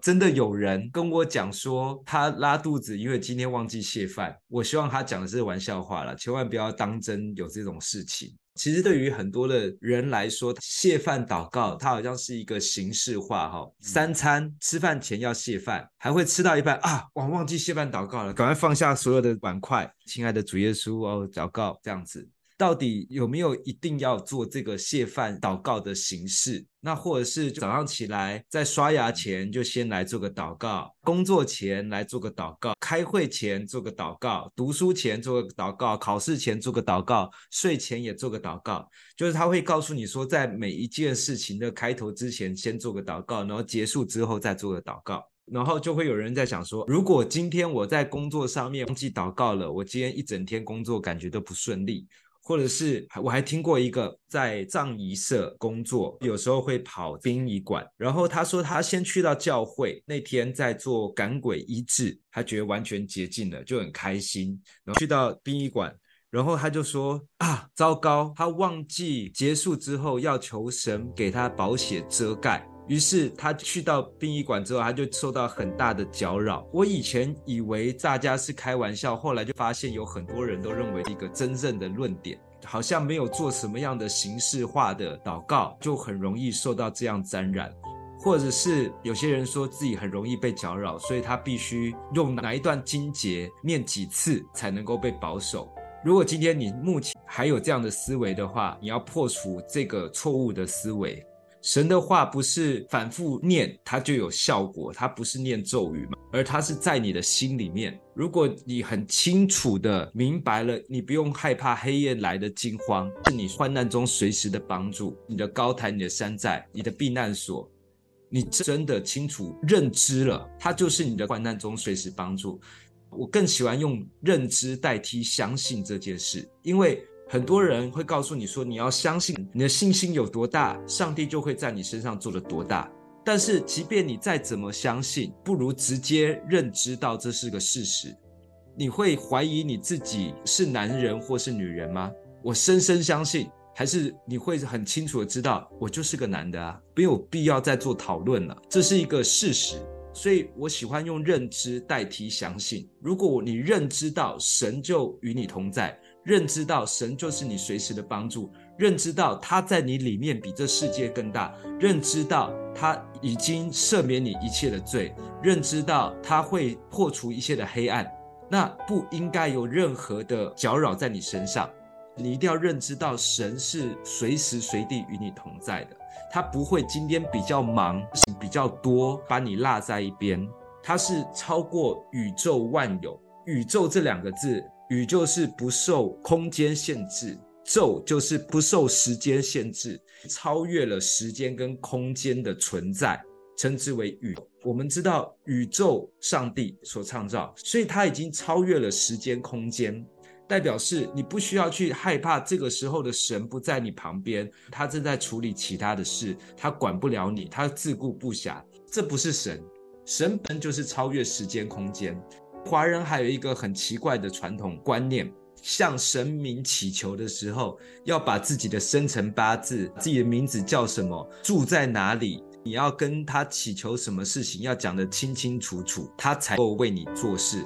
真的有人跟我講說他拉肚子，因為今天忘記謝飯。我希望他講的是玩笑話了，千萬不要當真有這種事情。其實對於很多的人來說，謝飯禱告，它好像是一個形式化哈哦。三餐吃飯前要謝飯，還會吃到一半啊，我忘記謝飯禱告了，趕快放下所有的碗筷，親愛的主耶穌哦，禱告這樣子。到底有沒有一定要做這個謝飯禱告的形式？那或者是早上起來在刷牙前就先來做個禱告，工作前來做個禱告，開會前做個禱告，讀書前做個禱告，考試前做個禱告，睡前也做個禱告。就是他會告訴你說，在每一件事情的開頭之前先做個禱告，然後結束之後再做個禱告。然後就會有人在想說，如果今天我在工作上面忘記禱告了，我今天一整天工作感覺都不順利。或者是我還聽過一個在葬儀社工作，有時候會跑殯儀館。然後他說他先去到教會那天在做趕鬼醫治，他覺得完全潔淨了，就很開心。然後去到殯儀館，然後他就說啊，糟糕，他忘記結束之後要求神給他寶血遮蓋。於是他去到殯儀館之後，他就受到很大的攪擾。我以前以為大家是開玩笑，後來就發現有很多人都認為一個真正的論點，好像沒有做什麼樣的形式化的禱告，就很容易受到這樣沾染，或者是有些人說自己很容易被攪擾，所以他必須用哪一段經節念幾次才能夠被保守。如果今天你目前還有這樣的思維的話，你要破除這個錯誤的思維。神的話不是反覆念，它就有效果。它不是念咒語嘛，而它是在你的心裡面。如果你很清楚地明白了，你不用害怕黑夜來的驚慌，是你患難中隨時的幫助，你的高台，你的山寨，你的避難所。你真的清楚認知了，它就是你的患難中隨時幫助。我更喜歡用認知代替相信這件事，因為。很多人會告訴你說：“你要相信你的信心有多大，上帝就會在你身上做的多大。”但是，即便你再怎麼相信，不如直接認知到這是個事實。你會懷疑你自己是男人或是女人嗎？我深深相信，還是你會很清楚的知道我就是個男的啊，沒有必要再做討論了，這是一個事實。所以我喜歡用認知代替相信。如果你認知到，神就與你同在。認知到神就是你隨時的幫助，認知到他在你裡面比這世界更大，認知到他已經赦免你一切的罪，認知到他會破除一切的黑暗，那不應該有任何的攪擾在你身上。你一定要認知到神是隨時隨地與你同在的，他不會今天比較忙，比較多把你落在一邊，他是超過宇宙萬有，宇宙這兩個字。宇就是不受空間限制，宙就是不受時間限制，超越了時間跟空間的存在，稱之為宇。我們知道宇宙上帝所創造，所以它已經超越了時間空間，代表是你不需要去害怕這個時候的神不在你旁邊，他正在處理其他的事，他管不了你，他自顧不暇。這不是神，神本就是超越時間空間。華人還有一個很奇怪的傳統觀念，向神明祈求的時候，要把自己的生辰八字、自己的名字叫什麼、住在哪裡，你要跟他祈求什麼事情，要講得清清楚楚，他才能夠為你做事。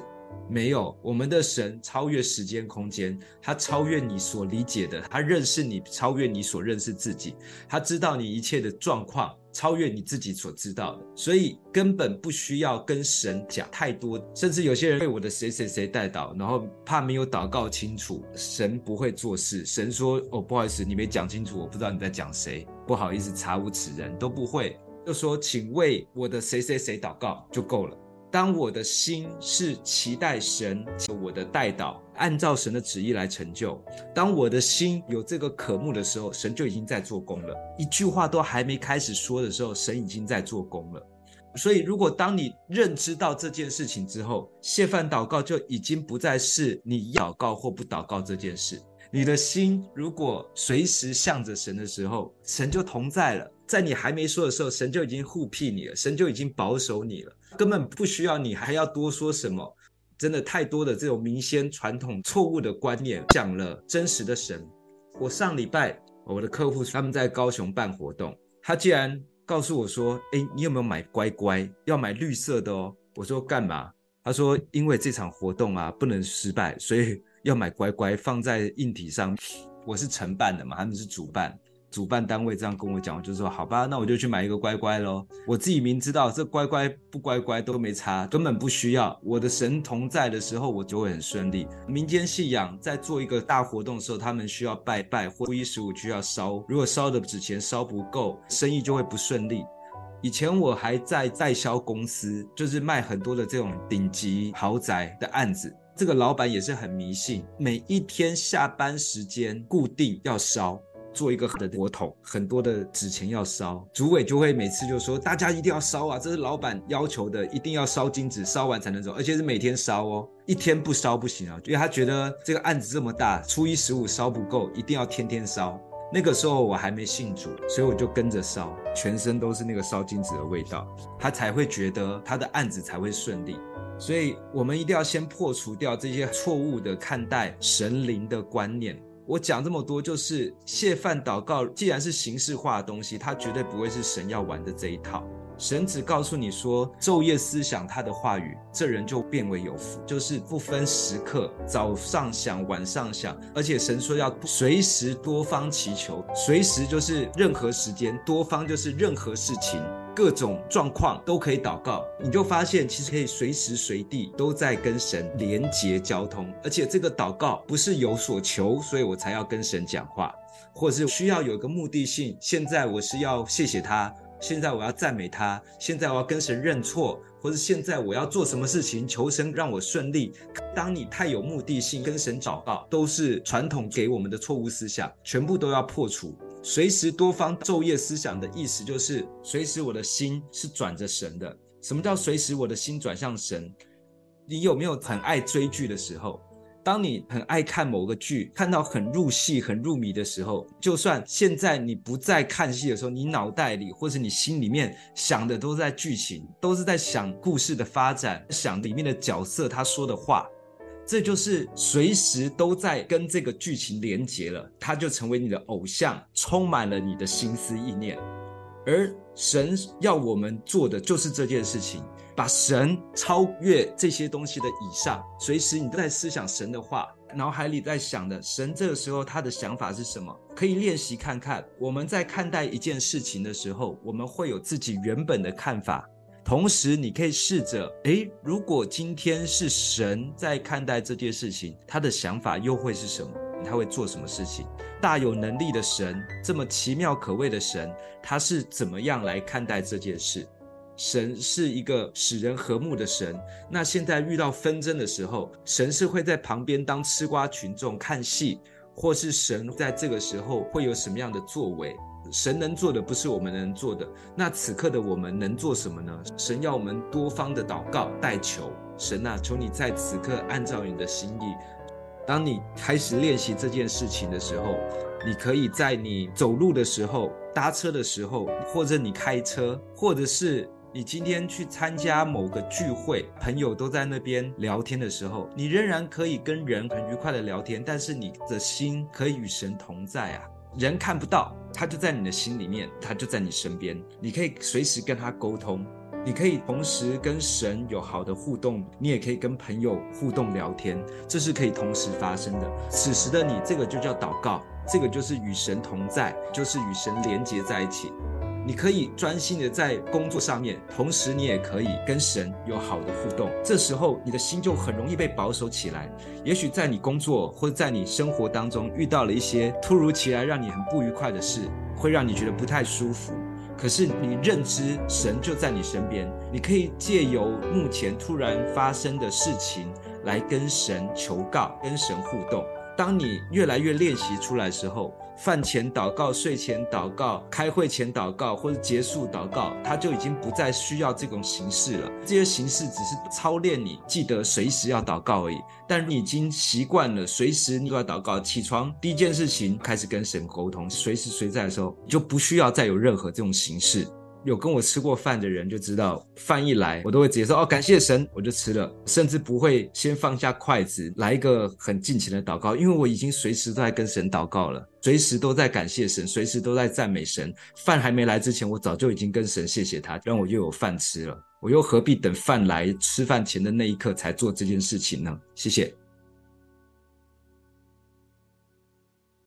沒有，我們的神超越時間空間，他超越你所理解的，他認識你，超越你所認識自己，他知道你一切的狀況，超越你自己所知道的，所以根本不需要跟神講太多。甚至有些人為我的誰誰誰代禱，然後怕沒有禱告清楚，神不會做事。神說：“哦，不好意思，你沒講清楚，我不知道你在講誰，不好意思，查無此人，都不會。就說請為我的誰誰誰禱告就夠了。”當我的心是期待神我的帶領，按照神的旨意來成就。當我的心有這個渴慕的時候，神就已經在做工了。一句話都還沒開始說的時候，神已經在做工了。所以，如果當你認知到這件事情之後，謝飯禱告就已經不再是你禱告或不禱告這件事。你的心如果隨時向着神的時候，神就同在了。在你還沒說的時候，神就已經護庇你了，神就已經保守你了，根本不需要你還要多說什麼。真的太多的這種民間傳統錯誤的觀念，講了真實的神。我上禮拜我的客戶他們在高雄辦活動，他竟然告訴我說：“誒，你有沒有買乖乖？要買綠色的哦。”我說：“幹嘛？”他說：“因為這場活動啊不能失敗，所以要買乖乖放在硬體上。”我是承辦的嘛，他們是主辦。主辦單位這樣跟我講，我就說好吧，那我就去買一個乖乖咯。我自己明知道這乖乖不乖乖都沒差，根本不需要。我的神同在的時候，我就會很順利。民間信仰在做一個大活動的時候，他們需要拜拜或初一十五需要燒，如果燒的紙錢燒不夠，生意就會不順利。以前我還在代銷公司，就是賣很多的這種頂級豪宅的案子，這個老闆也是很迷信，每一天下班時間固定要燒。做一個火桶，很多的紙錢要燒，主委就會每次就說大家一定要燒啊，這是老板要求的，一定要燒金紙，燒完才能走，而且是每天燒哦，一天不燒不行啊，因為他覺得這個案子這麼大，初一十五燒不夠，一定要天天燒。那個時候我還沒信主，所以我就跟着燒，全身都是那個燒金紙的味道，他才會覺得他的案子才會順利，所以我們一定要先破除掉這些錯誤的看待神靈的觀念。我講這麼多，就是謝飯禱告。既然是形式化的東西，它絕對不會是神要玩的這一套。神只告訴你說，晝夜思想他的話語，這人就變為有福。就是不分時刻，早上想，晚上想，而且神說要隨時多方祈求，隨時就是任何時間，多方就是任何事情。各種狀況都可以禱告，你就發現其實可以隨時隨地都在跟神連接交通，而且這個禱告不是有所求，所以我才要跟神講話，或者是需要有一個目的性。現在我是要謝謝他，現在我要讚美他，現在我要跟神認錯，或是現在我要做什麼事情求神讓我順利。當你太有目的性跟神禱告，都是傳統給我們的錯誤思想，全部都要破除。隨時多方晝夜思想的意思就是，隨時我的心是轉着神的。什麼叫隨時我的心轉向神？你有沒有很愛追劇的時候？當你很愛看某個劇，看到很入戲、很入迷的時候，就算現在你不再看戲的時候，你腦袋裡或是你心裡面想的都是在劇情，都是在想故事的發展，想裡面的角色他說的話。這就是隨時都在跟這個劇情連接了，他就成為你的偶像，充滿了你的心思意念。而神要我們做的就是這件事情，把神超越這些東西的以上，隨時你都在思想神的話，腦海裡在想的，神這個時候他的想法是什麼？可以練習看看，我們在看待一件事情的時候，我們會有自己原本的看法。同時，你可以試着，誒，如果今天是神在看待這件事情，他的想法又會是什麼？他會做什麼事情？大有能力的神，這麼奇妙可畏的神，他是怎麼樣來看待這件事？神是一個使人和睦的神，那現在遇到紛爭的時候，神是會在旁邊當吃瓜群眾看戲，或是神在這個時候會有什麼樣的作為？神能做的不是我們能做的，那此刻的我們能做什麼呢？神要我們多方的禱告、代求，神啊，求你在此刻按照你的心意。當你開始練習這件事情的時候，你可以在你走路的時候、搭車的時候，或者你開車，或者是你今天去參加某個聚會，朋友都在那邊聊天的時候，你仍然可以跟人很愉快的聊天，但是你的心可以與神同在啊。人看不到，他就在你的心裡面，他就在你身邊，你可以隨時跟他溝通，你可以同時跟神有好的互動，你也可以跟朋友互動聊天，這是可以同時發生的。此時的你，這個就叫禱告，這個就是與神同在，就是與神連結在一起。你可以專心的在工作上面，同時你也可以跟神有好的互動。這時候你的心就很容易被保守起來。也許在你工作或者在你生活當中遇到了一些突如其來讓你很不愉快的事，會讓你覺得不太舒服。可是你認知神就在你身邊，你可以借由目前突然發生的事情來跟神求告，跟神互動。當你越來越練習出來的時候，飯前禱告、睡前禱告、開會前禱告或者結束禱告，它就已經不再需要這種形式了。這些形式只是操練你記得隨時要禱告而已。但你已經習慣了隨時你都要禱告，起床第一件事情開始跟神溝通，隨時隨在的時候你就不需要再有任何這種形式。有跟我吃過飯的人就知道，飯一來我都會直接說哦，感謝神，我就吃了，甚至不會先放下筷子來一個很盡情的禱告，因為我已經隨時都在跟神禱告了，隨時都在感謝神，隨時都在讚美神。飯還沒來之前，我早就已經跟神謝謝他，讓我又有飯吃了，我又何必等飯來吃飯前的那一刻才做這件事情呢？謝謝。